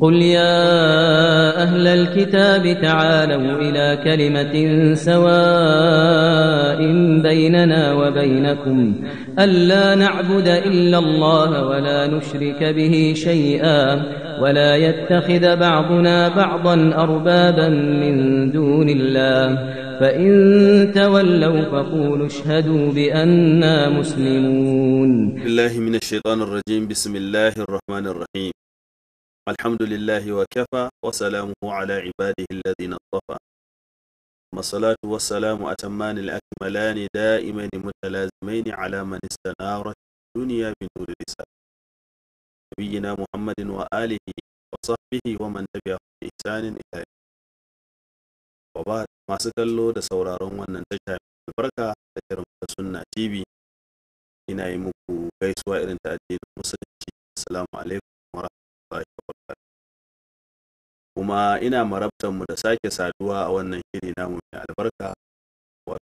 قل يا أهل الكتاب تعالوا إلى كلمة سواء بيننا وبينكم ألا نعبد إلا الله ولا نشرك به شيئا ولا يتخذ بعضنا بعضا أربابا من دون الله فإن تولوا فقولوا اشهدوا بأننا مسلمون بالله من الشيطان الرجيم بسم الله الرحمن الرحيم الحمد لله وكفى وسلامه على عباده الذين اصطفى ثم الصلاة والسلام أتمان الأكملان دائمين متلازمين على من استنارت الدنيا بنور الرسالة نبينا محمد وآله وصحبه ومن تبعهم بإحسان إلى يوم وبعد ما سكالو da sauraron wannan tasha mai albarka da kiran da sunna TV ina yi muku gaisuwa irin ta addinin musulunci assalamu alaikum kuma ina marabtar mu da sake saduwa a wannan shiri namu mai albarka wato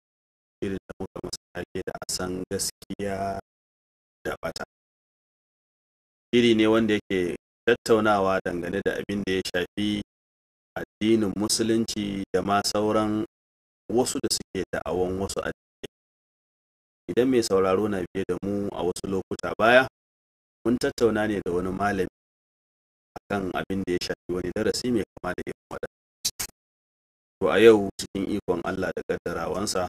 shirin da muka masa take da asan gaskiya da bata shiri ne wanda yake tattaunawa dangane da abin da ya shafi addinin musulunci da ma sauran wasu da suke da da'awan wasu addinai idan mai sauraro na biye da mu a wasu lokuta baya mun tattauna ne da wani malami akan abin da ya shafi wani darasi mai kama da irin wadda. to a yau cikin ikon Allah da kaddarawansa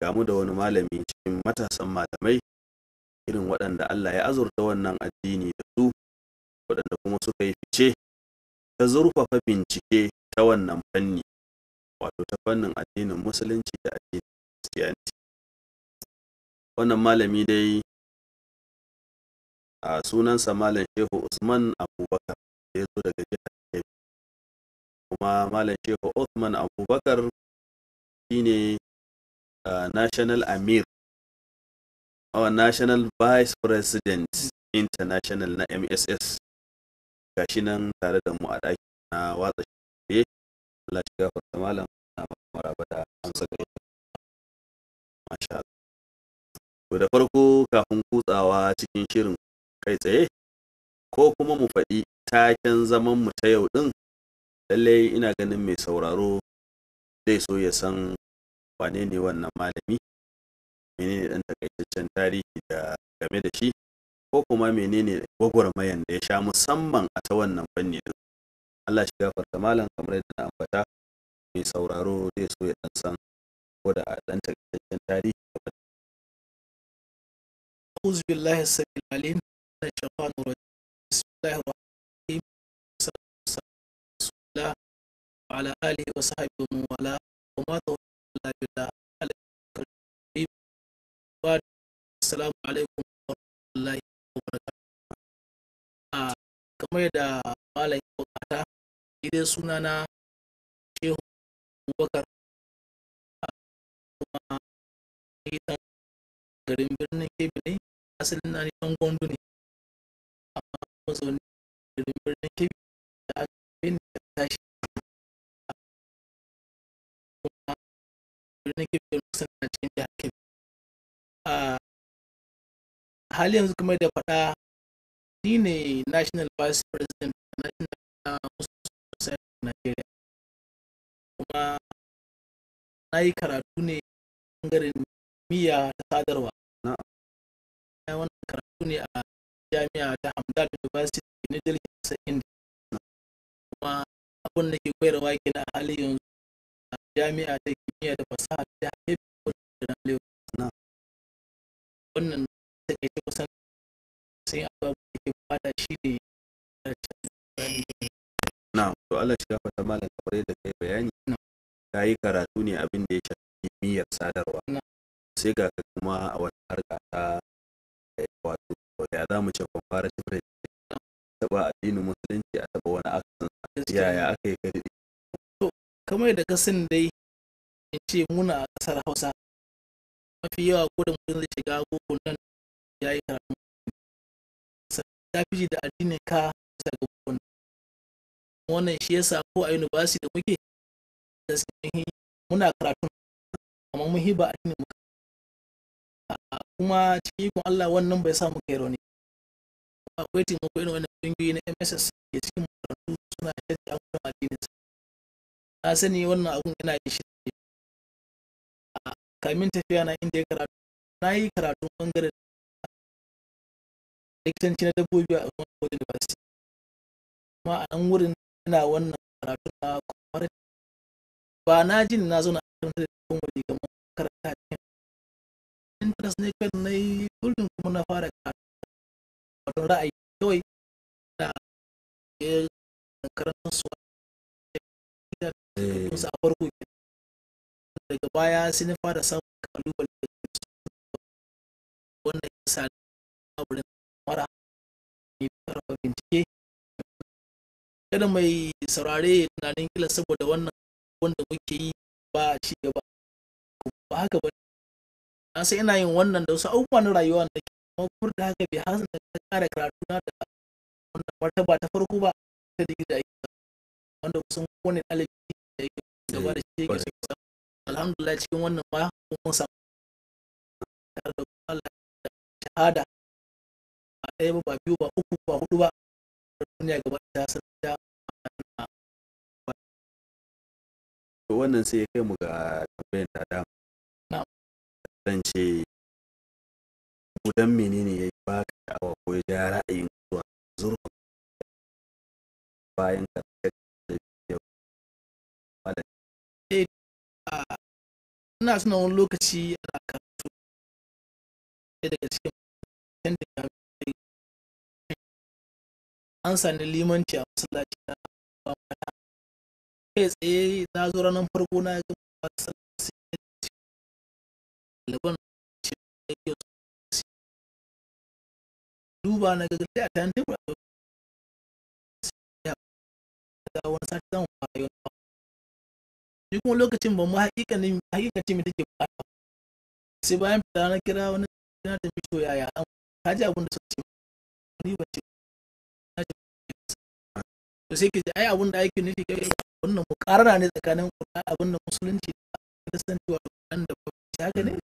gamu da wani malami cikin matasan malamai irin waɗanda Allah ya azurta wannan addini da su waɗanda kuma suka yi fice ta zurfafa bincike ta wannan fanni wato ta fannin addinin musulunci da addinin kiristiyanci wannan malami dai a sunansa malam shehu usman abubakar da ya zo daga jihar kebbi kuma malam shehu usman abubakar shine national amir our national vice president international na mss gashi nan tare da mu a ɗaki na watsa ne Allah shi da malam na maraba da amsa ga masha Allah da farko kafin kutsawa cikin shirin kai tsaye ko kuma mu faɗi taken zaman mu ta yau ɗin lallai ina ganin mai sauraro zai so ya san wane ne wannan malami menene ɗan takaitaccen tarihi da game da shi ko kuma menene gwagwarmayan da ya sha musamman a ta wannan fanni ɗin Allah shi gafarta malam kamar yadda na ambata mai sauraro zai so ya ɗan san ko da ɗan takaitaccen tarihi أعوذ بالله السميع العليم maacafanoruaaiaabimaba maaa da mata ida sunana ebubakar uaaita garin birnin kebilin asalin anidan ne mazauni kuma da A hali yanzu kuma da faɗa ni ne National Vice President National Society of Nigeria. Kuma na yi karatu ne ɓangaren miya ta sadarwa. Na wannan karatu ne a jami'a ta Hamdard University jirgin Delhi inda. kuma abin da ke koyarwa ke na hali yanzu a jami'a ta kimiyya da fasaha ta haifi da na lewa wannan ta ke ce kusan sai abubuwa da ke fada shi ne na to Allah ta malam kamar yadda kai bayani ta yi karatu ne abin da ya shafi kimiyyar sadarwa sai ga kuma a wata harka ta eh, ya za mu ce comparative religion taɓa addinin musulunci a taɓa wani akasin yaya aka yi kai to kamar yadda ka san dai in ce muna a ƙasar hausa mafi yawa ko da mutum zai shiga google nan ya yi karatu ta fi da addinin ka bisa ga google wannan shi yasa ko a university da muke gaskiya muna karatu amma muhi ba addinin mu kuma cikin ikon Allah wannan bai samu kai rauni akwai taimako irin wannan ƙungiyoyi na MSS ke cikin makarantu suna yadda an kuma sa na sani wannan abun yana yin shi kamin tafiya na inda ya karatu na yi karatun bangaren likitanci na dabbobi a Umar University kuma a nan wurin yana wannan karatu na kwamar ba na jin na zo na karanta da kuma wani kamar karanta tilas kan na yi gurin kuma na fara karatu ra'ayi kawai da ya karanta su eh. a farko daga baya sai na fara samun kalubale da wannan ya sa na wurin mara ne karfa bincike kada mai saurare tunanin kila saboda wannan wanda muke yi ba a ci gaba ba haka ba na sai ina yin wannan da wasu abubuwan rayuwa da ke kuma kur da haka bai hasan da ta kara karatu na da wannan martaba ta farko ba ta digiri da ake wanda kusan kowane ɗalibi da yake gaba da shi yake so ya samu alhamdulillah cikin wannan ba mun samu da Allah da shahada ba ɗaya ba ba biyu ba uku ba hudu ba da duniya gaba ta san ta wannan sai ya kai mu ga tambayar da dama zance gudan menene ya yi ba ka awa ko ya ja ra'ayin zuwa zurfa? bayan ka da yau eh, ina suna wani lokaci ana karatu daga cikin kan da ya an sani limanci a masallaci na mata kai tsaye na zo ranar farko na gama masu ɗaliban ce yake a tayan tebura da ga wani sati zan fara yau kuma lokacin mu mai ba sai bayan fita na kira wani na mito ji suka ba ji ai abin da ake nufi kai wannan mu ne tsakanin abin da musulunci da kristanci wato da ba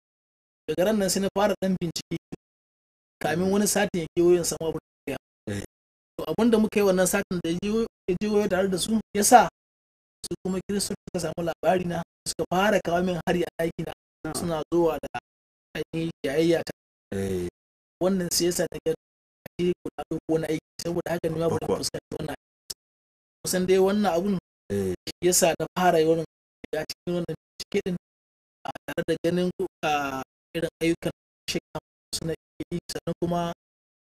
daga ran nan sai na fara dan bincike kamin wani satin ya kewayo in samu abu da ya to abin da muka yi wannan satin da ya je tare da su ya sa su kuma kiristo suka samu labari na suka fara kawo min hari a aiki na suna zuwa da ainihin yayayya ta eh. wannan sai yasa ta gani shi kula da wani aiki saboda haka ne ma ba fuskanci wannan kusan dai wannan abun eh. sa na fara yi wani ya cikin wannan cike din a tare da ganin irin ayyukan shekara suna yi sannan kuma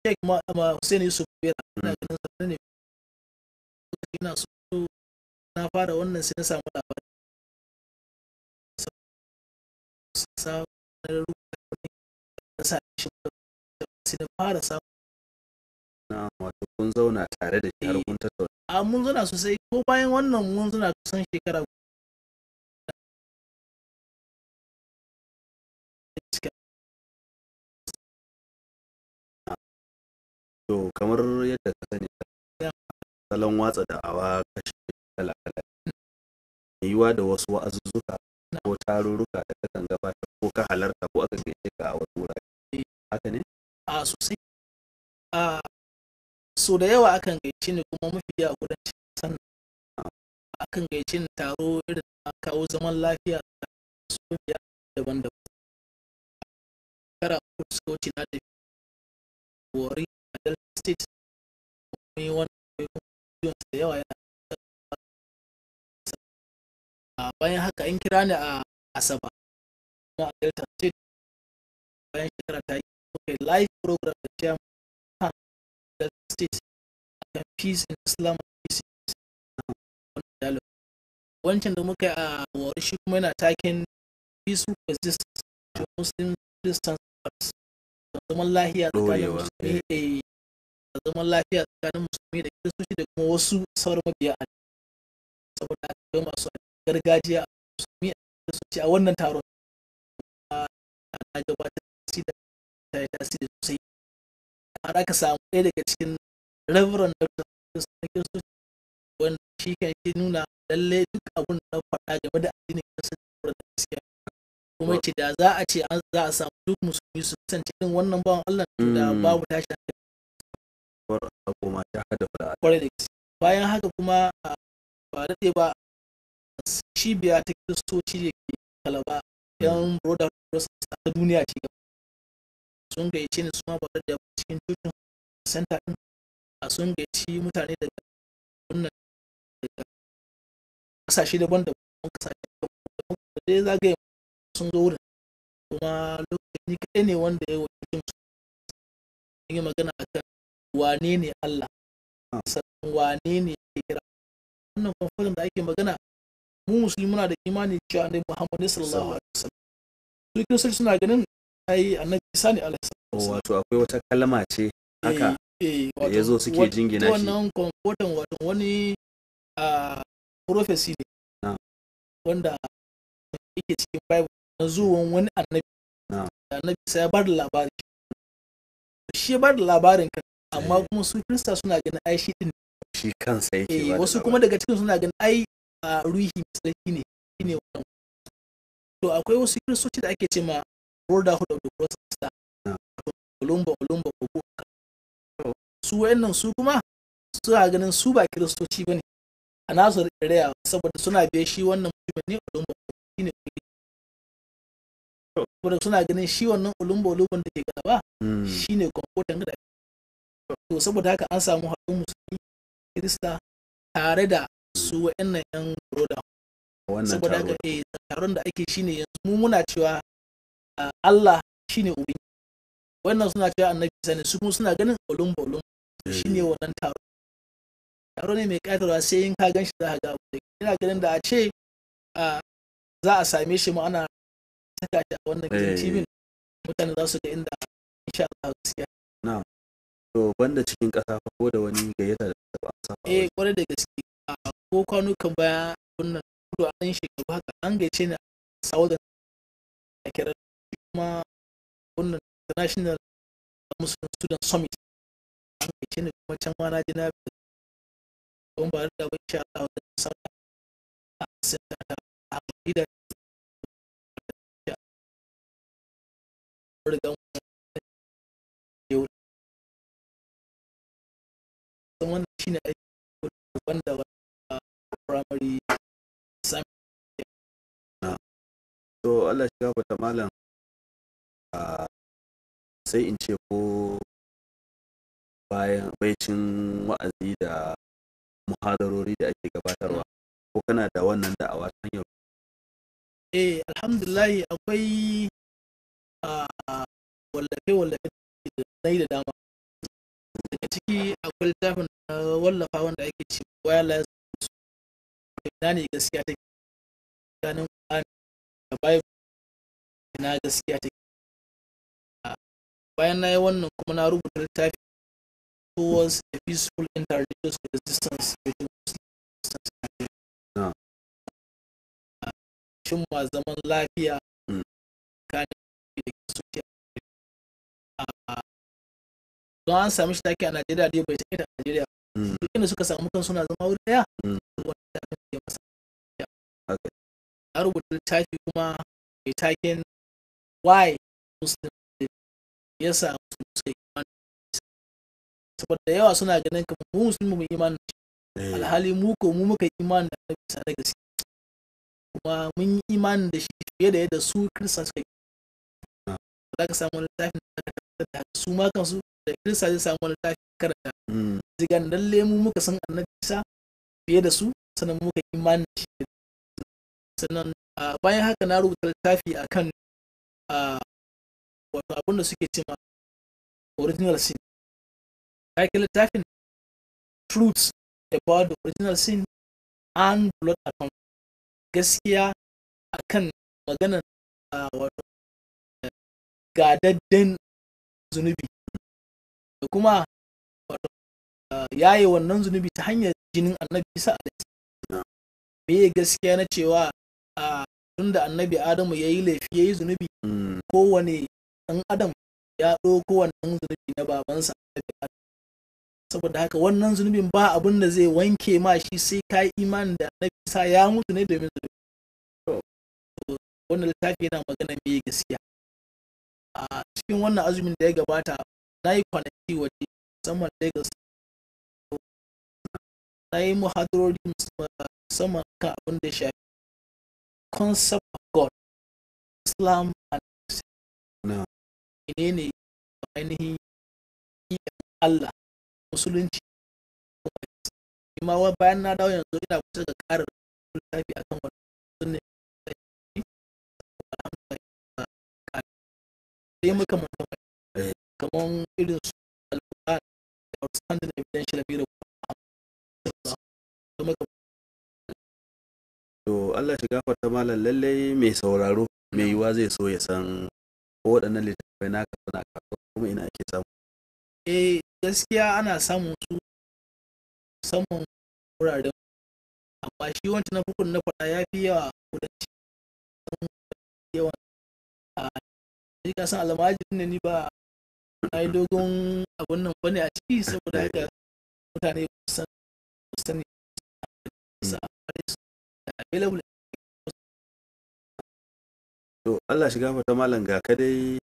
shek ma Hussein Yusuf Bera ina hmm. ganin sannan ne ina so na fara wannan sai na samu labari sa na rubuta sa shi sai na fara samu na wato kun zauna tare da shi har eh. kun tattauna a mun zauna sosai ko bayan wannan mun zauna kusan shekara To kamar yadda ka sani gaskiya salon watsa da awa kashi kala kala ne. Mai yiwuwa da wasu wa'azuzzuka ko tarurruka da kakan gabata ko ka halarta ko aka gayyace ka a wasu wurare. Haka ne? A sosai. A so da yawa akan gaice ni kuma mafi a kudancin ƙasar Akan gaice ni taro irin na kawo zaman lafiya da sofiya daban-daban. kara uku da suka wuce na tafi state ne wani kuma da yawa yana bayan haka an kira ni a asaba kuma a delta state bayan shekara ta yi kuma live program da jam ha delta state akan peace and islam peace wancan da muka yi a wari shi kuma yana taken peaceful resistance to muslim resistance zaman lahiya tsakanin musulmi eh. zaman lafiya tsakanin musulmi da kiristoci da kuma wasu sauran mabiya a saboda aka kai masu gargajiya a musulmi a kiristoci a wannan taron na gabatar da ta yi tasiri sosai har aka samu ɗaya daga cikin reverend na kiristoci wanda shi kan shi nuna lallai duk abun na faɗa game da addinin kiristoci da gaskiya kuma ce da za a ce za a samu duk musulmi su kasance irin wannan bawan Allah da mm. babu tashi da ta kwarai da bayan haka kuma ba daɗe ba cibiya ta kristoci da ke kalaba yan hmm. broda ta duniya ce sun gaice ni suma ba da cikin tutun center din a sun gaici mutane daga wannan daga kasashe daban-daban kasashe da dai zagaye sun zo wurin kuma lokacin ni kaɗai ne wanda ya wakilin su yi magana akan wane ne Allah sannan wane ne ya kira wannan confession da ake magana mu musulmi muna da imani cewa ne Muhammad sallallahu alaihi wasallam su kiristoci suna ganin ai annabi Isa ne alaihi wasallam oh, wato akwai wata kalma ce haka eh, eh, da zo suke jingina shi wannan confession wato wani prophecy ne wanda yake cikin Bible na zuwan wani annabi annabi sai ya bada labari shi ya bada labarin kan amma kuma su kirista suna ganin ai shi din shi kansa yake eh, ba wasu kuma daga cikin suna ganin ai ruhi mai tsarki ne shine wannan to akwai wasu kiristoci da ake ce ma brotherhood of the protestant star olumba olumba obu su wayannan su kuma suna ganin su ba kiristoci bane a nasu raya saboda suna biye shi wannan mutumin ne olumba shine kuma suna ganin shi wannan olumba olumban da ke gaba hmm. shine kwamfutan da to saboda haka an samu haɗin musulmi kirista tare da su wa'annan yan roda saboda haka eh taron da ake shine yanzu mu muna cewa ah, Allah shine ubangi wannan suna cewa annabi sani su kuma suna ganin olum olum shine eh. wannan taro taro ne mai katarwa sai in ka gan shi za ka ga abu ina ganin da a ce ah, za a same shi mu ana saka shi a wannan cibin eh. mutane za su ga inda insha Allah siya. to banda cikin ƙasa fa ko da wani gayyata da ta ba sa eh kwarai da gaske ko kwanukan baya wannan kudu an shekaru haka an gaice ni a saudan a kira kuma wannan international muslim student summit an gaice ni kuma can ma na ji na don ba da wani sha a wannan sauka a sinta da a da rigan wannan shine aikin wanda primary to Allah shiga ku malam sai in ce ko bayan baicin wa'azi da muhadarori da ake gabatarwa ko kana da wannan da'awa ta hanyar eh alhamdulillah akwai wallafe wallafe da dama ciki akwai littafin na wallafa wanda ake ce wireless ina ne gaskiya take tsakanin Qur'ani da Bible ina gaskiya take bayan na yi wannan kuma na rubuta littafi towards a peaceful interreligious coexistence between Muslims and Shin ma zaman lafiya hmm. tsakanin don an sami shi take a Najeriya dai bai take a Najeriya hmm. duk inda suka samu kan suna zama wuri daya hmm. a rubuta littafi kuma mai taken why muslim ya samu su suka yi imani saboda yawa suna ganin kamar mu musulmi mu da eh. alhali mu ko mu muka iman da annabi sa da gaske kuma mun yi iman da shi fiye da yadda su kristan suka yi ah. za ka samu littafin da ka tabbatar da su ma kansu da sa zai samu wani tafi karanta mm. zigan dan mu muka san annabi isa fiye da su sannan muka imani shi sannan bayan haka na rubuta littafi kan wato abinda suke suke cema original sin takin littafin truths about the original sin and blood account gaskiya a kan maganar wato eh, gadadden zunubi da kuma eh, yaye wannan zunubi ta hanyar jinin annabi isa alaihi me gaskiya na cewa a ah, tun da annabi adamu ya yi laifi ya yi zunubi mm. kowane ɗan adam ya ɗauko wannan zunubi na babansa saboda haka wannan zunubin ba abin da zai wanke ma shi sai ka yi imanin da annabi isa ya mutu ne domin zunubi wannan littafi yana magana me gaskiya a ah, cikin wannan azumin da ya gabata na yi kwanaki waje musamman lagos na yi muhadarori musamman kan abin da shafi concept of god islam and christian ne ne ainihin allah musulunci ma bayan na dawo yanzu ina kusa ga karar littafi da ya yi sai muka mutum kamar irin su al'ura da da standard shi da biyar da to Allah shi gafarta malam lallai mai sauraro mai yiwa zai so ya san ko waɗannan littattafai naka suna kasuwa kuma ina ake samu eh gaskiya ana samun su musamman wuraren amma shi wancan na fukun na faɗa ya fi yawa kudanci yawan a ka san almajiri ne ni ba na yi dogon abun nan bane a ciki saboda haka mutane kusan kusan to Allah shiga fata malam ga ka dai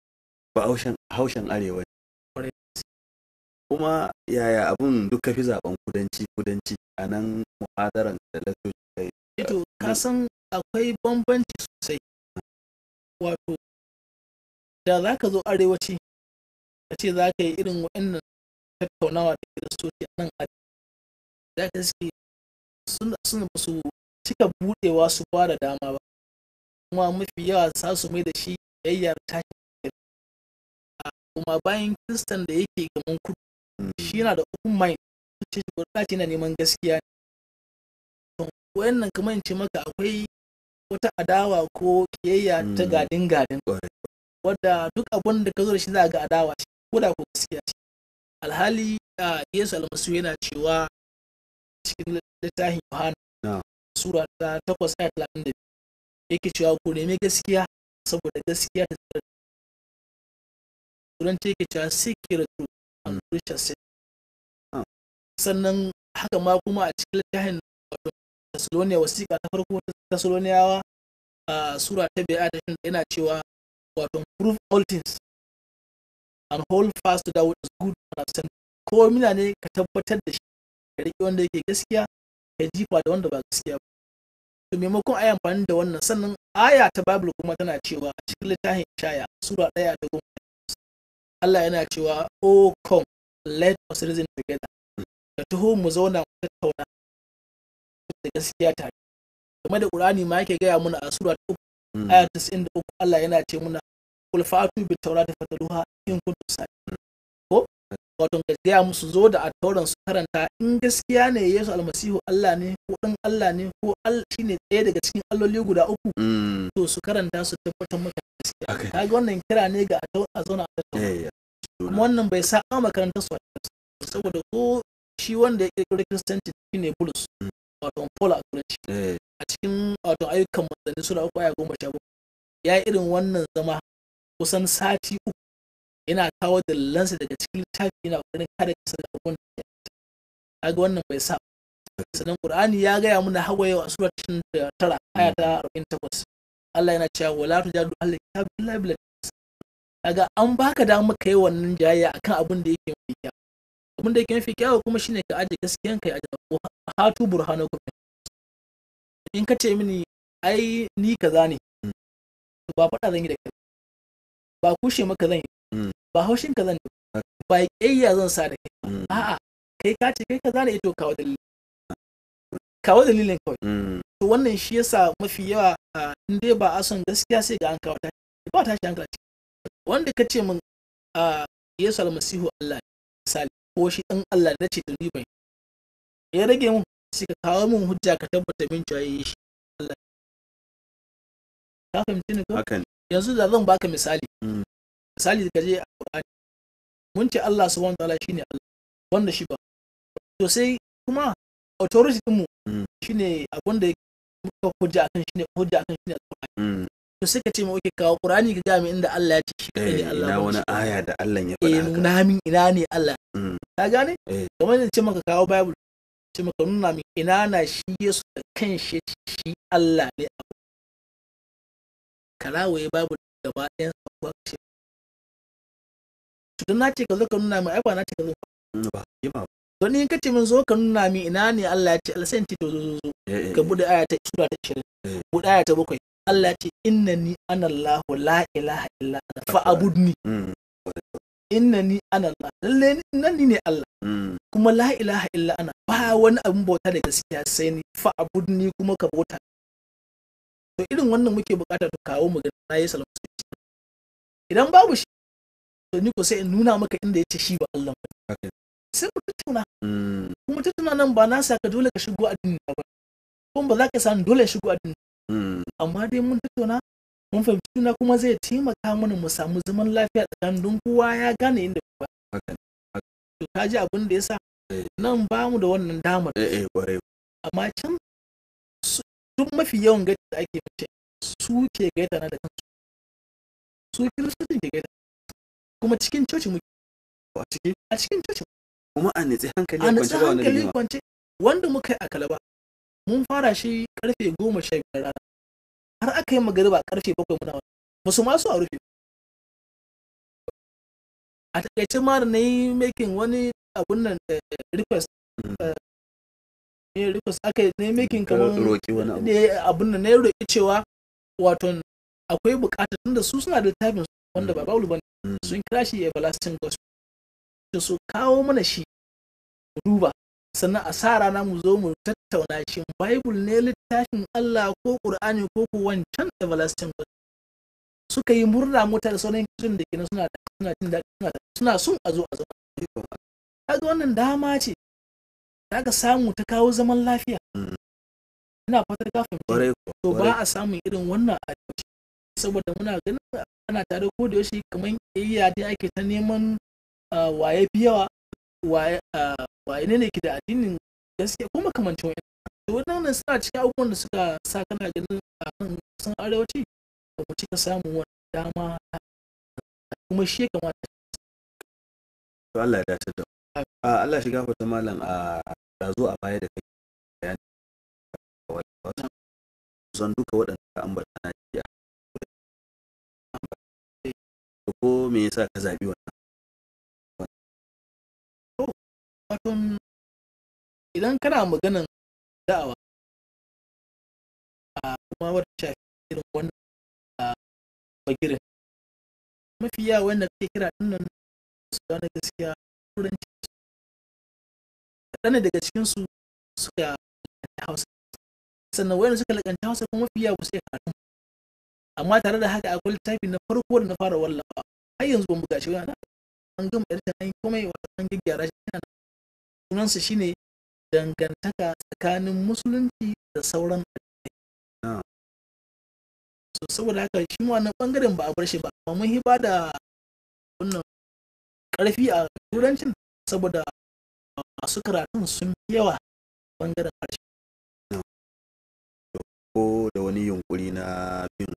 ba haushen haushen arewa kuma yaya abun duk kafi zaben kudanci kudanci a nan muhadaran da lattoci kai eh to ka san akwai bambanci sosai wato da za ka zo arewaci ka ce za ka yi irin wa'annan tattaunawa da kiristoci a nan arewa za ka suke suna ba su cika budewa su fara dama ba kuma mafi yawa za su mai da shi yayyar tashi kuma bayan kiristan da yake gaban kudu shi yana da open mind ce shi ce na neman gaskiya ne wayannan kamar in ce maka akwai wata adawa ko kiyayya ta hmm. gadin gadin wadda duk abin da ka zo da shi za ga adawa shi ko da gaskiya ce alhali yesu almasu yana cewa cikin littafin yohana sura ta takwas a talatin da biyu yake cewa ku nemi gaskiya saboda gaskiya ta tsira turanci yake cewa sai a and mm. sai ah. sannan haka ma kuma a cikin littafin Thessalonia wasiƙa ta farko ta Thessaloniyawa a sura ta biyar da yana cewa wato proof all things and hold fast to that which is good and sent. ko mina ne ka tabbatar da shi ka riƙe wanda yake gaskiya ka jifa da wanda ba gaskiya ba to maimakon a yi amfani da wannan sannan aya ta bible kuma tana cewa a cikin littafin shaya sura ɗaya da goma Allah yana cewa o come let us reason together ka taho mu zauna mu tattauna da gaskiya tare game da ƙur'ani ma yake gaya muna a sura ta uku hmm. aya ta uku Allah yana ce muna kul fa'atu bit tawrati fataluha wato ka gaya musu zo da attauran su karanta in gaskiya ne Yesu almasihu Allah ne ko dan Allah ne ko Allah shine ɗaya daga cikin alloli guda uku mm. to su karanta su tabbatar maka gaskiya ga wannan kira ne ga a zauna a tattauna wannan bai sa a makarantar su saboda ko shi wanda ya kirkiri kristanci shine bulus mm. wato paul a turanci a cikin wato ayyukan manzanni sura uku aya goma sha ya yi irin wannan zama kusan sati uku ina kawo dalilansa daga cikin littafi ina ƙoƙarin kada ka sanar abun da ya ga wannan bai sa sannan qur'ani ya gaya mana hawaye a sura tara aya ta 48 Allah yana cewa wala tujadu ahli kitabi illa bil kaga an baka damar kai wannan jayayya akan abun da yake mafi kyau abun da yake mafi kyau kuma shine ka aje gaskiyan kai aje hatu burhanakum in ka ce mini ai ni kaza ne hmm. ba faɗa zan yi da kai ba kushe maka zan yi hmm. ba haushin ka zan ba kayya zan sa da kai mm. a'a kai ka ce kai kaza ne ito kawo dalilin kawo dalilin kawai mm. to wannan shi yasa mafi yawa in dai ba a son gaskiya sai ga an kawo tashi ba tashi hankali wanda ka ce min Yesu almasihu Allah misali ko shi dan Allah da ce tuni bai ya rage mun sai ka kawo mun hujja ka tabbata min cewa yayi eh shi Allah ka fahimci ni ko yanzu da zan baka misali mm. misali ka je a Qur'ani mun ce Allah subhanahu wataala shine Allah wanda shi ba to sai kuma authority din mu mm. shine abin da muka hujja akan shine hujja akan shine Qur'ani mm. to sai ka ce mu okay kawo Qur'ani ka ga mu inda Allah ya ce shi kai ne eh, Allah ina wani aya da Allah ya faɗa eh, haka ina min ina ne Allah mm. ka gane eh. kamar ne ce maka kawo Bible ce maka nuna min ina na shi Yesu da kanshi shi Allah ne kalawaye Bible gaba ɗayan sa ba ce don na ce ka zo ka nuna min ai ba na ce ka zo ba don in ka ce min zo ka nuna min ina ne Allah ya ce alsan ce to zo zo zo eh, eh, ka eh. bude aya ta sura ta 20 bude aya ta 7 Allah ya ce innani anallahu la ilaha illa ana fa'budni mm. innani anallah lalle nan ni ne Allah mm. kuma la ilaha illa ana ba wani abin bauta da gaskiya sai ni fa'budni kuma ka bauta to irin wannan muke bukata ta kawo mu ga alaihi salamu idan babu shi ni ko sai in nuna maka inda yace shi ba Allah ba sai mu tattauna hmm. kuma tattauna nan ba na saka dole ka shigo addini ba kuma ba za ka san dole shigo addini hmm. amma dai mun tattauna mun fahimci juna kuma zai taimaka mana mu samu zaman lafiya tsakanin don kowa ya gane inda ba to ka ji abin da yasa eh. nan ba mu da wannan damar eh, eh, amma can duk mafi yawan gaita da ake mace su ke gaita na da kansu su kiristocin ke gaita kuma cikin coci muke a ciki a cikin coci kuma a nitsi hankali a nitsi hankali kwance wanda muka yi a kalaba mun fara shi karfe goma sha biyar rana har aka yi magariba karfe bakwai muna wani musu masu a rufe a takaice mara na yi making wani abun nan eh, request hmm. eh, ne request aka yi makin making kamar ne abun nan yi roƙi cewa wato akwai buƙatar tunda su suna da tabin wanda hmm. ba ba wani sun kira shi everlasting gospel su kawo mana shi mu duba sannan a sa rana mu zo mu tattauna shi bible ne littafin Allah ko qur'ani ko ko wancan everlasting gospel suka yi murna mota da sauran kirin da kina suna suna jin daɗi suna sun a zo a zo kaga wannan dama ce da samu ta kawo zaman lafiya hmm. ina fatar ka fahimci to ba a samu irin wannan a saboda muna ganin ana tare ko da yaushe kamar iya dai ake ta neman ah, waye fi yawa ah, waye ne ne ke da addinin gaskiya ko makamancin wani da wannan suna cikin abubuwan da suka sa kana ganin a ah, nan kusan arewaci ba mu cika samun wani dama kuma shi ya kamata to Allah ya dace da Allah shiga fata malam a dazo a baya da kai bayani zan duka waɗanda ka ambata na ko me yasa ka zaɓi wannan wato idan kana maganan da'awa a kuma wata shafi irin wannan a bagirin mafi yawa wanda kake kira dinnan su gane gaskiya turanci su. kaɗan daga cikin su suka lakanta hausa sannan wayanda suka lakanta hausa kuma mafi yawa ba su iya karatu amma tare da haka akwai littafi na farko da na fara wallafa har yanzu ban buga shi na an gama editan an yi komai wata an gyaggyara shi ina sunansa shine dangantaka tsakanin musulunci da sauran addinai ah. so saboda haka shi ma wannan bangaren ba a bar shi ba amma mun hiba da wannan karfi a turancin saboda masu karatun sun fi yawa bangaren harshe ko da wani yunkuri na bin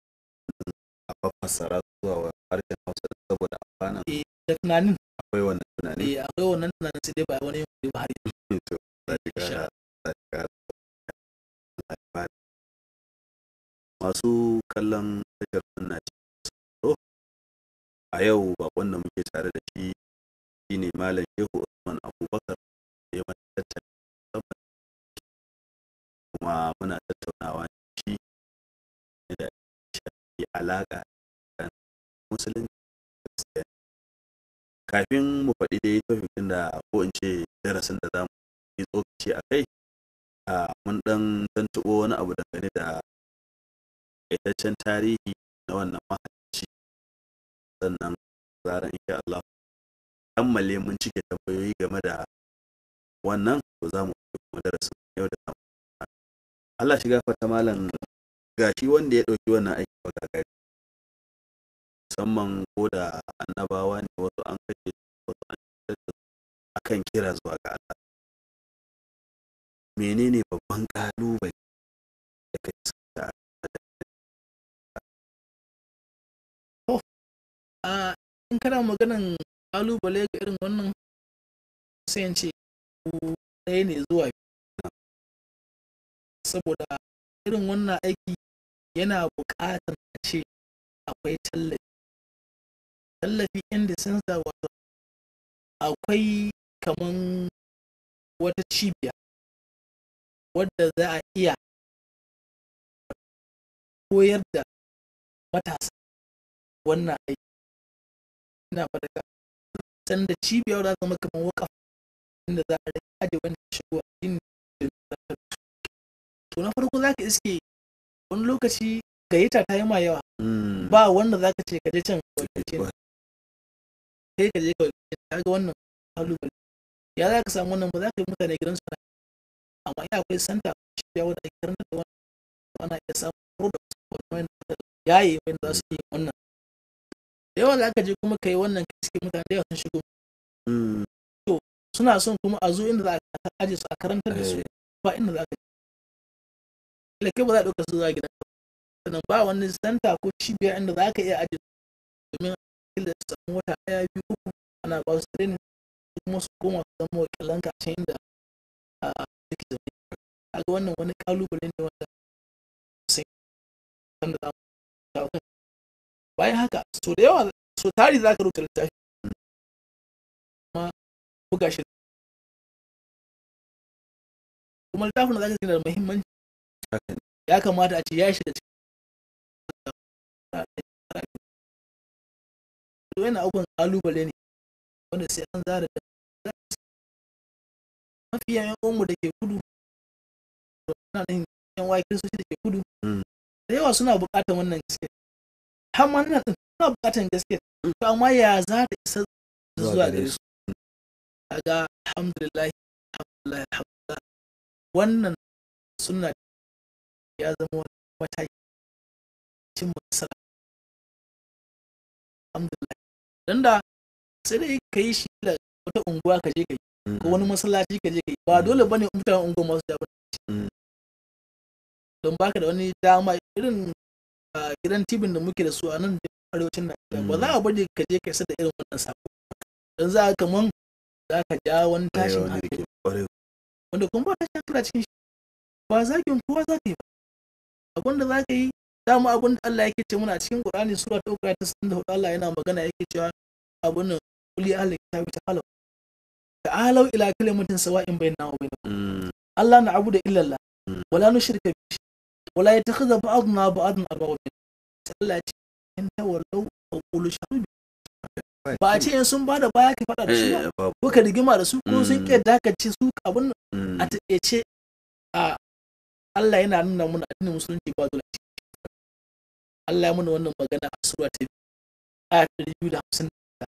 masara zuwa harshen hausa saboda amfanin eh, da tunanin akwai wannan tunanin eh akwai wannan tunanin sai dai ba wani yau ba har yanzu masu kallon tashar na ce a yau ba wanda muke tare da shi shine malam shehu usman abubakar da ya mana tattauna kuma muna tattaunawa shi da alaƙa musulunci kafin mu faɗi dai topic ɗin da ko in ce darasin da za mu yi tsokaci a kai mun ɗan tantuɓo wani abu dangane da ƙaitaccen tarihi na wannan mahalicci sannan zaran insha Allah kammale mun cike tambayoyi game da wannan to za mu kuma darasin yau da Allah shiga fata malam gashi wanda ya ɗauki wannan aiki ba gagari musamman ko da annabawa ne wasu an kashe wasu an da akan kira zuwa ga Allah menene babban kalubale da ka suka oh, a in kana maganan kalubale ga irin wannan sai in ce ɗaya ne zuwa saboda irin wannan aiki yana buƙatar a ce akwai tallafi tallafi in the sense wato akwai kaman wata cibiya wadda za a iya koyar da matasa wannan aiki ina fata san da cibiyar za zama kamar waka inda za a rage aje wanda shigo a cikin to na farko za ka iske wani lokaci gayyata ta yi ma yawa mm. ba wanda za ka ce ka je can kai ka je kawai ka ga wannan kalubale ya za ka samu wannan ba za ka yi mutane gidan su amma ina akwai santa shirya wanda ake karanta da wannan ana iya samun product ya yi wani za su yi wannan da yawan za ka je kuma ka yi wannan ka suke mutane da yawa sun shigo mm. to suna son kuma a zo inda za a aje su a karantar da su eh. ba inda za ka je kai ba za a ɗauka su zuwa gidan sannan ba wani santa ko cibiya inda za ka iya aje su kila su samu wata ɗaya biyu ana ba su training kuma su koma su zama wakilan ka can inda suke zaune kaga wannan wani kalubale ne wanda sai wanda za mu shawo bayan haka so da yawa so tari za ka rubuta littafi kuma buga shi kuma littafin da za ka da muhimmanci ya kamata a ce ya shi da cikin yana abubuwan kalubale ne wanda sai an zara da mafiya yan uwanmu da ke kudu suna nan yan wa kiristoci da ke kudu mm. da yawa suna bukatan wannan gaske har ma nan suna bukatan gaske mm. to amma ya za ta isa zuwa gare su kaga alhamdulillah alhamdulillah alhamdulillah wannan suna ya zama wani mataki cin masara alhamdulillah tunda sai dai ka yi shi da wata unguwa ka je ka yi mm. ko wani masallaci ka je ka yi ba mm. dole bane mutanen unguwa masu da wani mm. don baka da wani dama irin gidan tibin da muke da su a nan da arewacin na. ba za a bari ka je kai da irin wannan sako don za a kaman za ka ja wani tashin hankali wanda kuma ba tashin hankali cikin shi ba zagin kowa za ka yi ba abinda da za ka yi dama abin da Allah yake ce muna cikin Qur'ani sura ta 3 ta hudu Allah yana magana yake cewa abin nan kulli ahli kitabi ta'alu ta'alu ila kalimatin sawa'in bainana wa bainakum hmm. Allah na abu da illallah hmm. wala nushrika bi wala yatakhadha ba'dna ba'dna arbaba Allah ya ce in tawallu qulu sharu ba a ce in sun bada baya ka fada da su ba eh, ko ka rigima da su ko sun hmm. ƙi ce su abin a taƙaice a Allah yana nuna mun addinin musulunci ba dole Allah ya muna wannan magana a sura ta aya ta biyu da hamsin da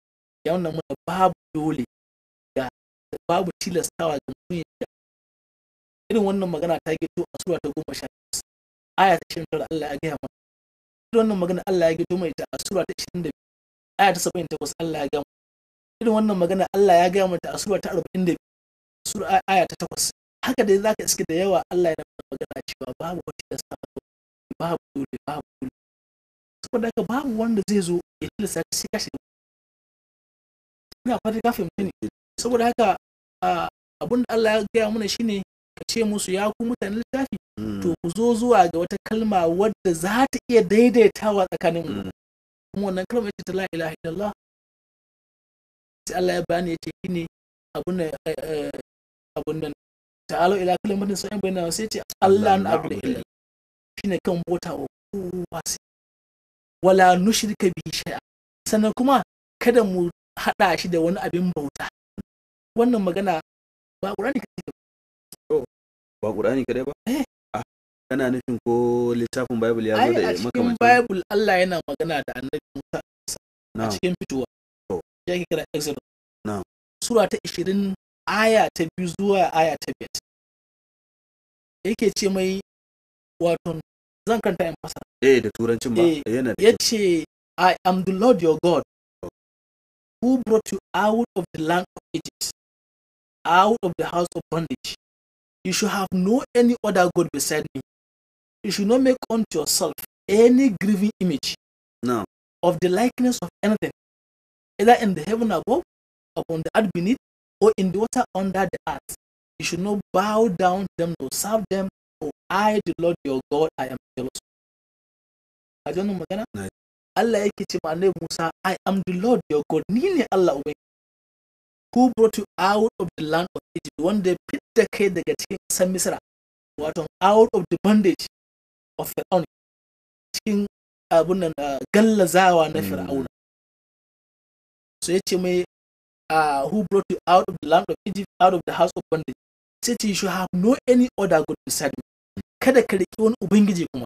ya wannan muna babu dole ga babu tilastawa ga mutum ya sha irin wannan magana ta gito a sura ta goma sha takwas aya ta shirin tara Allah ya gaya mana irin wannan magana Allah ya gito mai ta a sura ta ishirin da biyu aya ta saba'in takwas Allah ya gaya mana irin wannan magana Allah ya gaya mata a sura ta arba'in da biyu sura aya ta takwas haka dai zaka iske da yawa Allah ya magana cewa babu wata tilastawa babu dole babu dole saboda haka babu wanda zai zo ya tilasta ka sai ka shiga ina fata ka fahimta ne saboda haka abin da Allah ya gaya mana shine ka ce musu ya ku mutane littafi hmm. to ku zo zuwa ga wata kalma wadda za ta iya daidaitawa tsakanin mu hmm. kuma wannan kalma ita ta la ilaha illallah sai Allah ya bani yace shine abin da eh, eh, abin da ta'alu ila kalmatin sa'in bayna sai ce Allah na abu da illallah shine kan bota wa kowa sai wala nushirka bi shay'a sannan kuma kada mu hada shi da wani abin bauta wannan magana ba qur'ani kadai ba ba qur'ani kadai ba eh ah, kana nufin ko littafin bible ya zo da makamancin ai a cikin bible Allah yana magana da annabi Musa a cikin fituwa ya ke kira exodus sura ta 20 aya ta biyu zuwa aya ta biyar yake ce mai wato masa eh da turancin ba eh, yana da yace i am the lord your god who brought you out of the land of egypt out of the house of bondage you should have no any other god beside me you should not make unto yourself any grieving image no. of the likeness of anything either in the heaven above upon the earth beneath or in the water under the earth you should not bow down to them nor serve them I the Lord your God I am jealous. A ji wannan magana? Allah yake ce ma Annabi Musa I am the Lord your God ni ne Allah ubai? Who brought you out of the land of Egypt wanda fitta kai daga cikin ƙasar Misra wato out of the bondage of Fir'aun cikin abun nan ah, gallazawa na hmm. Fir'auna. So ya ce mai ah, who brought you out of the land of Egypt, out of the house of bondage, said you should have no any other God beside me. kada ka riƙe wani ubangiji kuma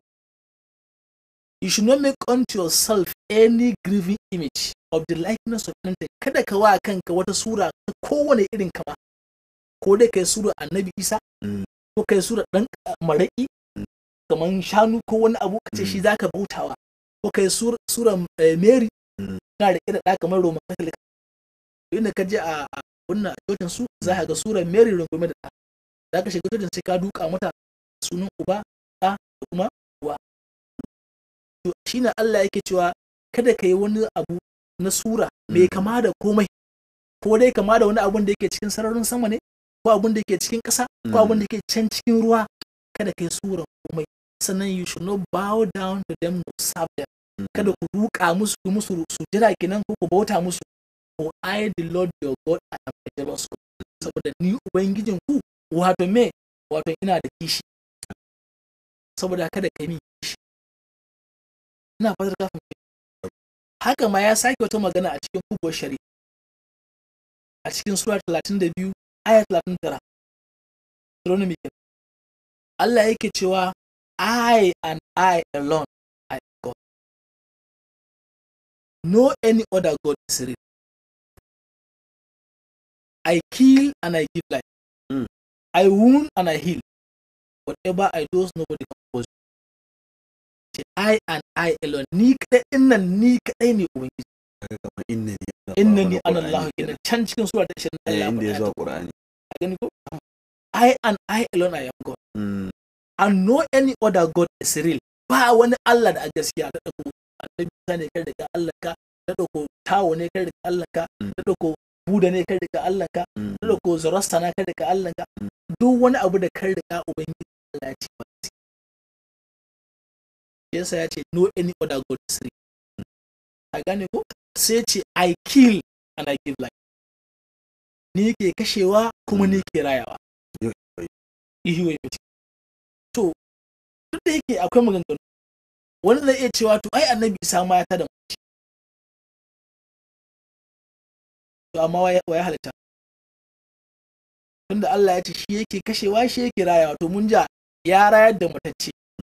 you should not make unto yourself any grieving image of the likeness of anything kada ka wa kanka wata sura ta kowane irin kama ko dai kai sura annabi isa ko kai sura dan eh, maraƙi kamar shanu ko wani abu ka ce shi zaka bautawa ko kai sura eh, mary kana riƙe da ɗa kamar roman catholic inda ka je a wannan a su za ka ga sura mary rungume da ɗa za ka shiga cocin sai ka duka mata sunan uba ɗa da kuma uwa to shine Allah yake cewa kada ka yi wani abu na sura mai hmm. kama da komai ko dai kama da wani abu da yake cikin sararin sama ne ko abun da yake cikin ƙasa ko abun da hmm. yake can cikin ruwa kada ka yi sura komai sannan you should not bow down to them to serve them hmm. kada ku duka musu ku musu su jira kenan ko ku bauta musu for I the Lord your God I am a jealous God saboda ni ubangijin ku wato me wato ina da kishi saboda kada ka yi shi ina fatar ka fahimci haka ma ya sake wata magana a cikin kubo shari'a a cikin sura 32 aya 39 Deuteronomy Allah yake cewa I and I alone I God no any other God is real I kill and I give life. Mm. I wound and I heal. whatever I do, nobody compose. I and I alone, ni kaɗai inna ni kaɗai ne Ubangiji. Kaga kama inna ni. ni an Allah kenan can cikin sura ta 20 eh, Allah. Inda ya zo Qur'ani. A ko? I and I alone I am God. Hmm. And no any other God is real. Ba wani Allah da a gaskiya ta ɗauko annabi Musa ne kai daga Allah ka, ta ɗauko Tawo ne kai daga Allah ka, ta hmm. ɗauko Buda ne kai daga Allah ka, ta hmm. ɗauko Zoroaster na kai daga Allah ka. Duk wani abu da kai daga Ubangiji Allah ya ce ba yasa ya ce no any other god is three a gane ko sai ce i kill and i give life ni ke kashewa kuma ni ke rayawa ihiwe mace to duk da yake akwai maganganu wani zai iya cewa to ai annabi isa ma ya tada mace to amma wa ya halitta tunda Allah ya ce shi yake kashewa shi yake rayawa to mun ja ya rayar da matacce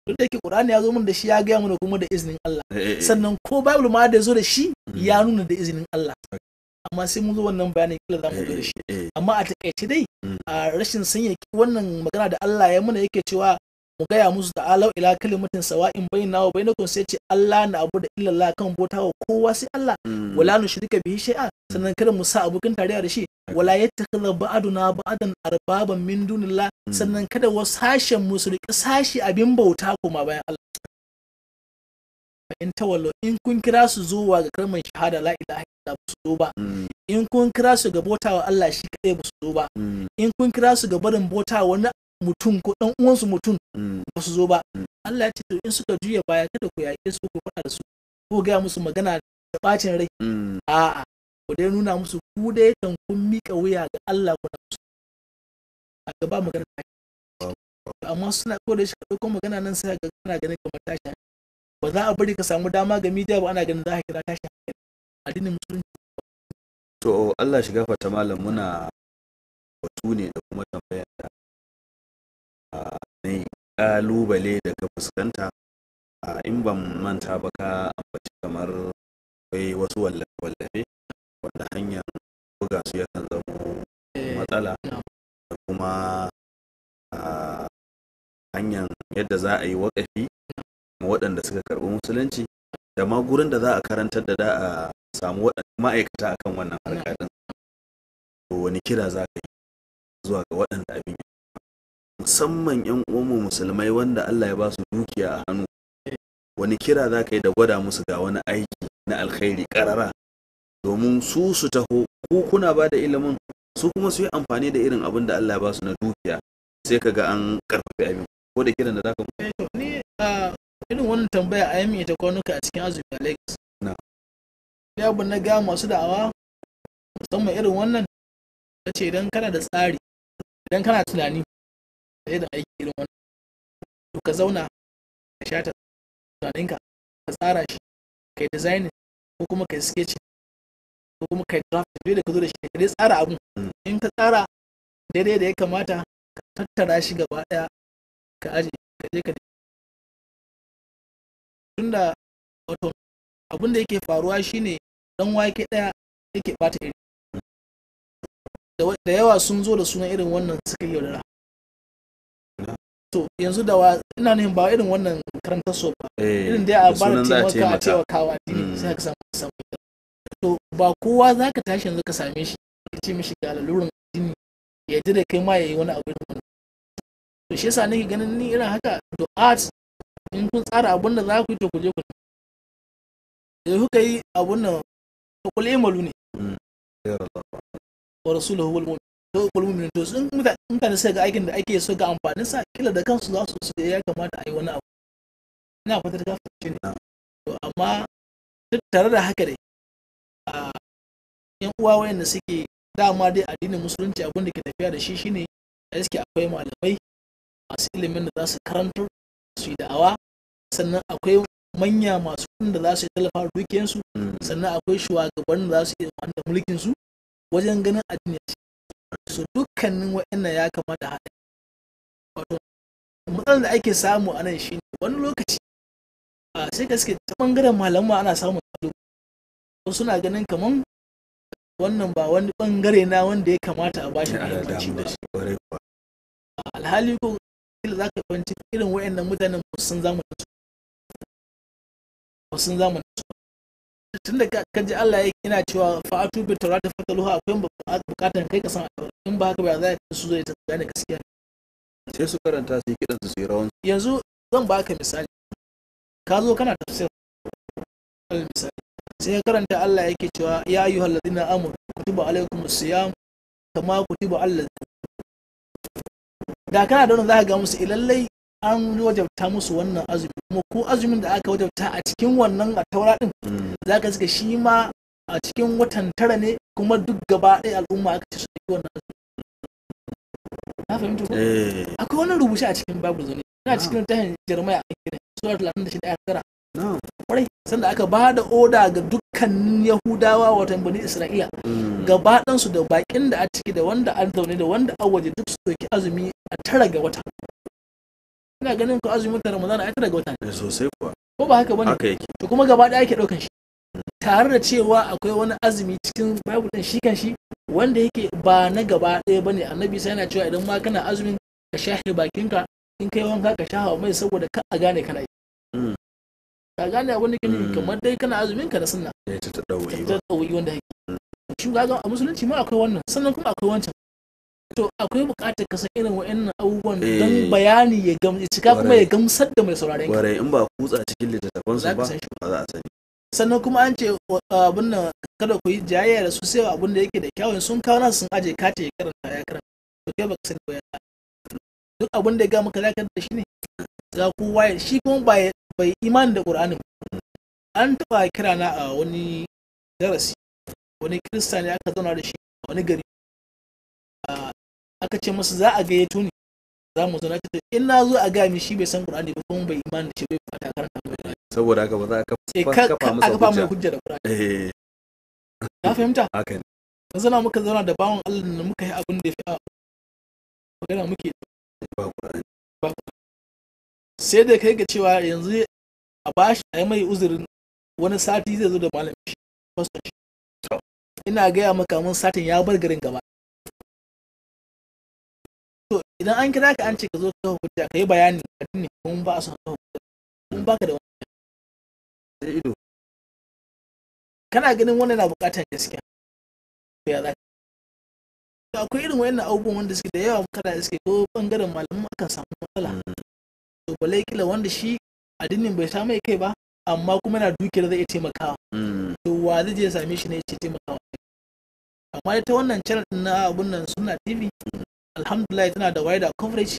duk da yake Qur'ani ya zo mun da shi ya gaya mana kuma da izinin Allah eh, eh, eh. sannan ko Bible ma da zo da shi mm-hmm. ya nuna da izinin Allah amma sai mun zo wannan bayanin kila za mu ga shi amma a takaice dai mm. a rashin sanya wannan magana da Allah ya muna yake cewa mu gaya musu da alau ila kalimatin sawa'in bainana bai bainakum sai ce Allah na abu da illallah kan bota wa kowa sai Allah hmm. wala nu shirka bihi shay'a sannan kada mu sa abokin tarayya da shi wala yattakhadha ba'duna ba'dan arbaban min dunillah hmm. sannan kada wasu sashen mu su riki sashi abin bauta kuma bayan Allah in tawallo in kun kira su zuwa ga kalmar shahada la ilaha illa ba su zo ba hmm. in kun kira su ga bota wa Allah shi kadai ba su zo ba in kun kira su ga barin bota wani mutum ko dan uwansu mutum mm. ba su zo ba mm. Allah ya ce to in suka juya baya kada ku yaƙe su ku faɗa da su ko gaya musu magana da bacin rai mm. a'a ku dai nuna musu ku dai kan kun mika wuya ga Allah ku su a gaba magana ta amma suna ko da shi ka ɗauko magana nan sai ga kana ganin kamar tashi ba za a bari ka samu dama ga media ba ana ganin za a kira tashi addinin musulunci to Allah shiga gafarta malam muna batu ne da kuma tambaya da Kalubale da ka fuskanta in ban manta ba ka ambaci kamar kai wasu wallafe-wallafe wanda hanyar buga su yakan zamo eh, matsala da kuma hanyar yadda za a yi waƙafi ma waɗanda suka karɓi musulunci da ma gurin da za a karantar da da a samu ma'aikata akan wannan harka to wani kira za ka yi zuwa ga waɗanda abin musamman yan uwanmu musulmai wanda Allah ya ba su dukiya a hannu wani kira za ka yi da gwada musu ga wani aiki na alkhairi karara domin su su taho ku kuna ba da ilimin su kuma su yi amfani da irin abin da Allah ya ba su na dukiya sai ka ga an karfafi abin ko da kiran da za ka eh, ni irin wannan tambaya a yami ta kwanuka a cikin azumi a Lagos na ya bu na ga masu da'awa musamman irin wannan ta ce idan kana da tsari idan kana tunani irin aiki irin wani to ka zauna ka shata tunaninka ka tsara shi kai design ko kuma kai sketch ko kuma kai draft da ka zo da shi ka dai tsara abun hmm. in ka tsara daidai da ya kamata ka tattara shi gaba daya ka aje ka je ka tunda wato abun da yake faruwa shine dan wake daya yake bata iri da yawa sun zo da sunan irin wannan suka yaudara to yanzu da wa ina ne ba irin wannan karantar so ba eh, irin dai a bar taimaka a taimakawa mm. dini sai ka samu samu to ba kowa za ka tashi yanzu ka same shi ka ce mishi ga lalurin addini ya ji da kai ma ya yi wani abu irin wannan to shi yasa nake ganin ni irin haka to art in kun tsara abun da za ku yi to ku je ku da kuka yi abun nan kul malu ne mm. wa rasuluhu wal mu'min ko kulmu min to sun mutane sai ga aikin da ake so ga amfanin sa kila da kansu za su sai ya kamata a yi wani abu ina fatar ka fahimci ne to amma duk tare da haka dai yan uwa wayanda suke dama dai addinin musulunci abin da ke tafiya da shi shine da suke akwai malamai masu ilimin da za su karantar su yi da'awa sannan akwai manya masu kudin da za su yi talafa dukiyarsu mm. sannan akwai shugaban da za su yi amfani da mulkin su wajen ganin addini so dukkanin wa'annan ya kamata haɗa wato matsalar da ake samu a nan shi wani lokaci sai ka suke ta ɓangaren malamu ana samun ko suna ganin kaman wannan ba wani ɓangare na wanda ya kamata a bashi muhimmanci da shi alhali ko kila za ka fahimci irin wa'annan mutanen ba san zamu da su ba san zamu su tun da ji Allah ina cewa fa'atu bi tawrati fataluha akwai bukatar kai ka san in ba haka ba za ka su zo ta gane gaskiya sai su karanta su yi kidan su yi rawan yanzu zan baka misali ka zo kana tafsir misali sai karanta Allah yake cewa ya ayyuhal ladina amanu kutiba alaikum siyam kama kutiba alladhina da kana da wannan za ka ga musu ilallai an wajabta musu wannan azumi kuma ko azumin da aka wajabta a cikin wannan a taura din mm. za ka suka shi ma a cikin watan tara ne kuma duk gaba ɗaya al'umma aka ce su yi wannan azumi na fahimta ko eh. akwai wannan rubuce a cikin babu zane yana cikin tahin jarumai a kira da shida a 9 kwarai sanda aka ba da oda ga dukkan yahudawa watan bani isra'ila mm. gaba ɗansu da baƙin da a ciki da wanda an zaune da wanda an waje duk su ɗauki azumi a tara ga wata ina ganin ka azumin ta Ramadan ai daga ne sosai kuwa ko ba haka bane to kuma gaba daya yake daukan shi tare da cewa akwai wani azumi cikin Bible din shi kan shi wanda yake ba na gaba daya bane annabi sai yana cewa idan ma kana azumin ka shahe ka in kai wanka ka shaha mai saboda ka a gane kana yi hmm. ka gane abin da kake hmm. kamar dai kana azumin ka na sunna eh, ta ta dawoyi wanda yake hmm. shi ga a musulunci ma akwai wannan sannan kuma akwai wancan to akwai bukatar ka san irin wa'annan abubuwan eh. don bayani ya gam cika kuma ya gamsar da mai sauraren ka in ba kutsa cikin littattafan su ba ba za a sani sannan kuma an ce abin nan kada ku yi jayayya da su sai abin da yake da kyawun sun kawo nan sun aje kace ya karanta ya karanta to kai ba ka sani ba duk abin da ya ga maka za ka da shi ne Za ku waye shi kuma ba bai imani da qur'anin an taba kira na a wani darasi wani kirista ne aka zauna da shi a wani gari ah, aka ce masa za a gayyato tuni. za mu zana ta in na zo a gaya min shi bai san Qur'ani ba kuma bai imani da shi bai fata karanta ba saboda haka ba za a kafa eh, masa hujja hujja da Qur'ani eh. ka fahimta haka ne yanzu na muka zauna da bawan Allah da muka yi abin da ya fi a magana muke ba Qur'ani ba sai da kai ga cewa yanzu a bashi a yi mai uzurin wani sati zai zo da malam. shi ina gaya maka mun satin ya bar garin gaba idan an kira ka an ce ka zo ka hujja ka yi bayani ka dinne kun ba a son hujja kun baka da wani da ido kana ganin wannan na bukatar gaskiya ya zaka To akwai irin wayannan abubuwan wanda suke da yawa kada suke ko bangaren malaman akan samu matsala to balai kila wanda shi addinin bai sha mai kai ba amma kuma yana dukiyar zai iya taimakawa hmm. to wa zai je same shi ne ya ce taimakawa amma ita wannan channel na abun nan suna tv alhamdulillah tana da wider coverage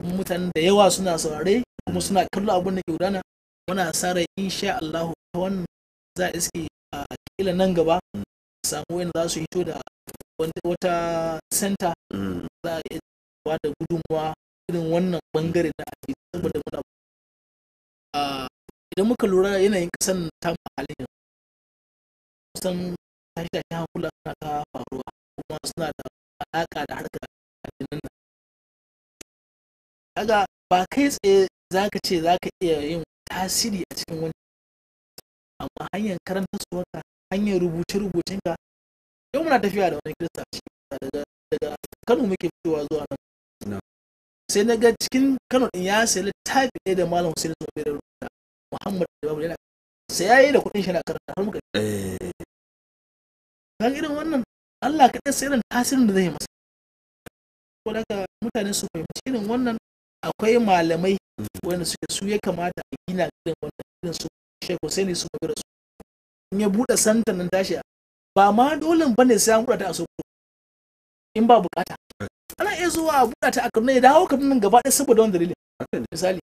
mutane da yawa suna saurare kuma suna kallo abin da ke gudana muna sare insha Allah ta wannan za a iske a kila nan gaba samu wani za su hito da wata center mm. za a iya ba da gudunmuwa irin wannan bangare da ake saboda muna idan muka lura yanayin kasan ta halin kusan tashi tashi hankula suna ta faruwa kuma suna da alaka da harkar kaga ba kai tsaye za ka ce za ka iya yin tasiri a cikin wani amma hanyar karanta suwarka hanyar rubuce rubucen ka yau muna tafiya da wani kirista daga daga kano muke fitowa zuwa nan sai na ga cikin kano din ya sayi littafi ɗaya da malam hussein sun da rubuta muhammad da babu yana sai ya yi da kuɗin shi na karanta har muka eh. kan irin wannan allah kaɗai sai irin tasirin da zai masa ko da mutane su fahimci irin wannan akwai malamai wanda suke su ya kamata a gina irin wannan irin su sai ne su da su in ya buɗe santan nan tashi ba ma dole ne sai an buɗe ta a Sokoto in ba bukata ana iya zuwa a buɗe ta a Kaduna ya dawo nan gaba ɗaya saboda wannan dalilin misali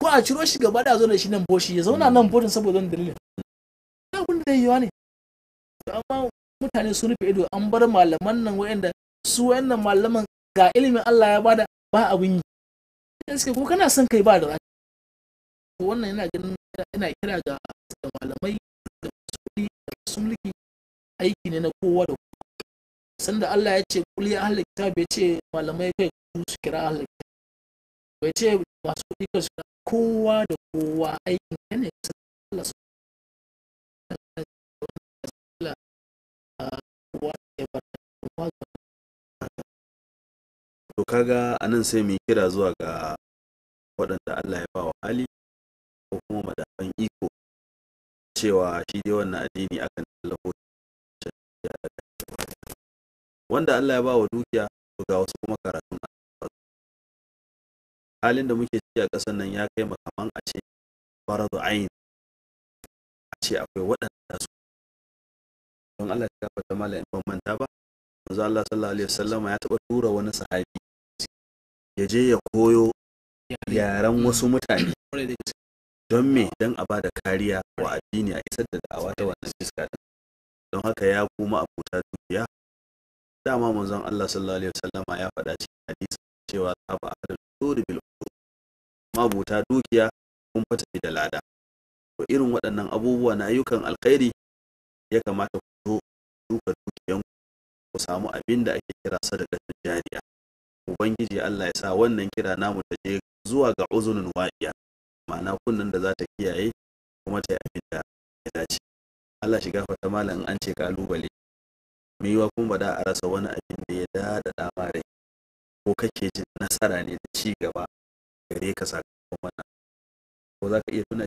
ko a ciro shi gaba ɗaya zo da shi nan boshi ya zauna nan boshin saboda wannan dalilin ba abin da yiwa ne amma mutane sun rufe ido an bar malaman nan wayanda su waɗannan malaman ga ilimin Allah ya bada ba abin yi suke ko kana son kai ba da rani wannan yana ganin yana kira ga da malamai da masoli da masu mulki aiki ne na kowa da kowa sanda Allah ya ce kuli ya ahli kitab bai ce malamai kai ku su kira ahli kitab bai ce masu kuɗi kai su kira kowa da kowa aikin ne ne Allah su ah, kowa da kowa da kowa to kaga a nan sai mu kira zuwa ga waɗanda Allah ya bawa wa hali ko kuma madafan iko cewa shi dai wannan addini akan tallafo wanda Allah ya ba wa dukiya to ga wasu kuma karatun halin da muke ciki a ƙasar nan ya kai makaman a ce faradu ayin a ce akwai waɗanda su don Allah ya gafarta malam in ban manta ba manzo Allah sallallahu alaihi wasallam ya taɓa tura wani sahabi ya je ya koyo yaren wasu mutane don me don a ba da kariya wa addini a isar da da'awa ta wannan fiska don haka ya kuma abuta dukiya dama manzon Allah sallallahu alaihi wasallama ya faɗa cikin hadisi cewa sahaba ahlul suri bil mabuta dukiya kun fa tafi da lada ko irin waɗannan abubuwa na ayyukan alkhairi ya kamata ku zo duka dukiyan ku samu abin da ake kira sadaka jariya ubangiji Allah ya sa wannan kira namu ta je zuwa ga uzunin wa'iya ma'ana kunnen da za ta kiyaye kuma ta yi abin da ya dace Allah shiga fata malam an ce kalubale mai wa kuma ba da a rasa wani abin da ya dada dama rai ko kake jin nasara ne da ci gaba gare ka sakamakon wannan ko za ka iya tuna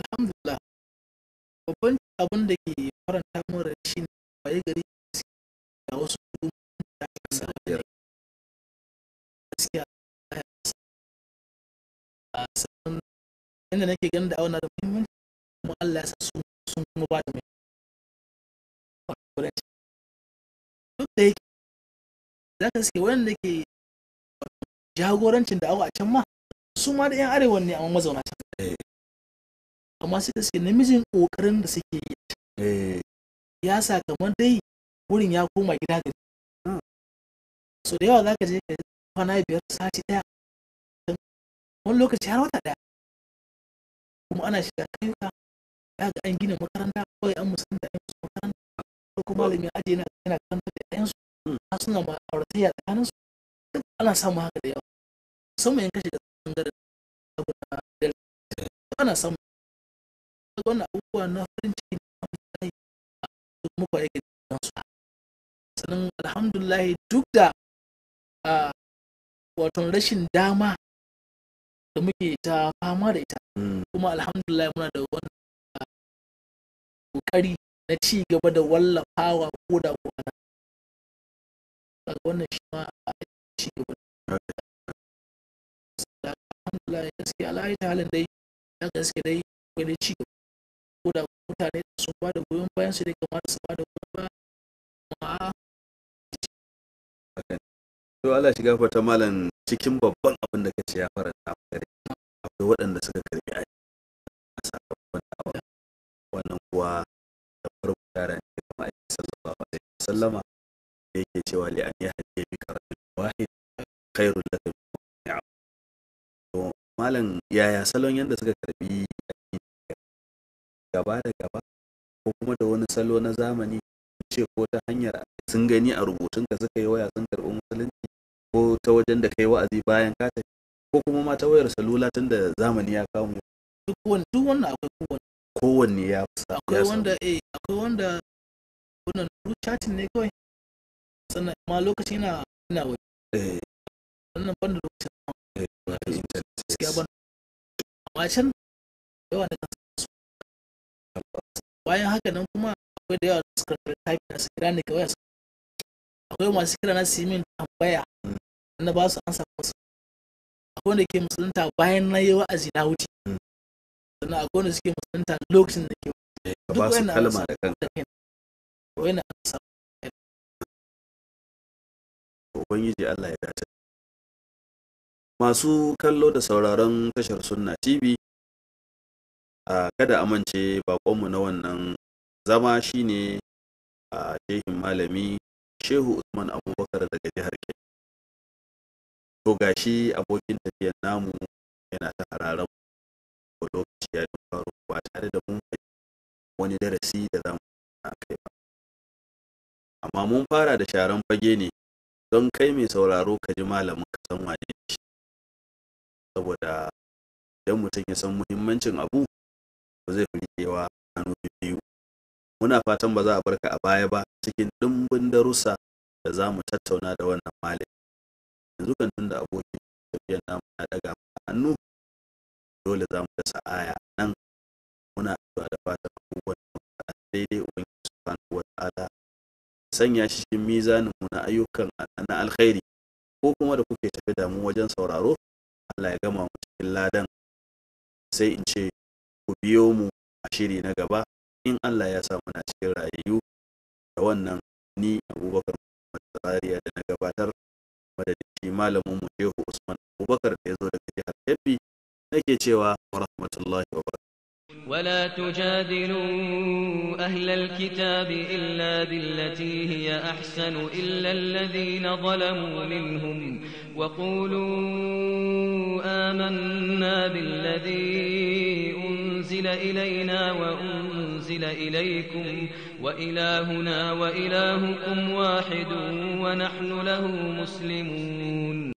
alhamdulillah babban abin da ke faranta mun rai shine waye gari inda nake ganin da auna da muhimmanci kuma Allah ya sa sun sun kuma ba da mai duk da yake za ka suke da ke jagorancin da awa a can ma su ma da yan arewa ne a mazauna can eh. amma sai da suke namijin kokarin da suke yi eh. ya sa kamar dai wurin ya koma gida gari hmm. so da yawa za ka je ka kwana biyar sati ɗaya wani lokaci har wata ɗaya kuma ana shiga kayuka ya ga an gina makaranta kawai an musulunta yan su makaranta ko kuma malami aji yana yana karanta da yan su hmm. a suna ma tsakanin su duk ana samun haka da yawa musamman kashe ka da bangaren saboda delta ana samun wannan abubuwa na farin ciki na amfani da kuma yake da su sannan alhamdulahi duk da ah, wato rashin dama da muke ta fama da ita mm. kuma alhamdulillah muna da wannan ah, kokari na ci gaba da wallafawa ko da ko ana wannan shi ma a ah, ci gaba da alhamdulillah gaskiya alhaji halin dai ya gaske dai akwai da ci gaba ko da mutane sun ba da goyon bayan su dai kamar su ba da goyon ba. ma ah, to Allah shiga fata malam cikin babban abin da kace ya faranta maka rai akwai waɗanda suka karbi a sakamakon da'awa wannan kuwa da farko yara ne kuma aiki sallallahu alaihi wasallama da yake cewa li an yahdi bi karatul wahid khairul lak to malam yaya salon yadda suka karbi gaba da gaba ko kuma da wani salo na zamani ce ko ta hanyar sun gani a rubutun ka suka yi waya sun karɓi musulunci ko ta wajen da kai wa'azi bayan ka tafi ko kuma ma ta wayar salula tun da zamani ya kamu duk wani wani akwai kowanne kowanne ya fusa akwai wanda eh akwai wanda wannan chatting ne kawai sannan ma lokaci ina ina waje eh wannan ban da lokacin eh, gaskiya ban amma can yawa na bayan haka nan kuma akwai da yawa da suka type na su kira ni kawai akwai masu kira na su yi min tambaya na ba su an samu su akwai wanda ke musulunta bayan na yi wa'azi na wuce hmm. sannan akwai wanda suke musulunta lokacin da ke eh, duk kalma da ubangiji Allah ya dace masu kallo da sauraron tashar sunna tv a kada amince bakonmu na wannan zama shine a shehin malami shehu usman abubakar daga jihar kebbi to gashi abokin tafiyar namu yana ta hararen ko lokaci ya don faru ba tare da mun wani darasi da za mu kai ba amma mun fara da sharan fage ne don kai mai sauraro ka ji malamin ka san wane saboda idan mutum ya san muhimmancin abu ba zai cewa hannu biyu muna fatan ba za a barka a baya ba cikin ɗimbin darussa da za mu tattauna da wannan malami yanzu kan tunda abokin tafiya namu na daga hannu dole za mu dasa aya nan muna addu'a da fatan abubuwan da daidai ubangiji subhanahu wa ta'ala sanya shi cikin mizanin mu na ayyukan na alkhairi ko kuma da kuke tafi da mu wajen sauraro Allah ya gama mu cikin ladan sai in ce ku biyo mu a shiri na gaba in Allah ya sa muna cikin rayu da wannan ni Abubakar Muhammad Tsariya da na gabatar madadin shi malamin mu Shehu Usman Abubakar da ya zo daga jihar Kebbi nake cewa wa rahmatullahi wa ولا تجادلوا أهل الكتاب إلا بالتي هي أحسن إلا الذين ظلموا منهم وقولوا آمنا بالذي أنزل إلينا وأنزل إليكم وإلهنا وإلهكم واحد ونحن له مسلمون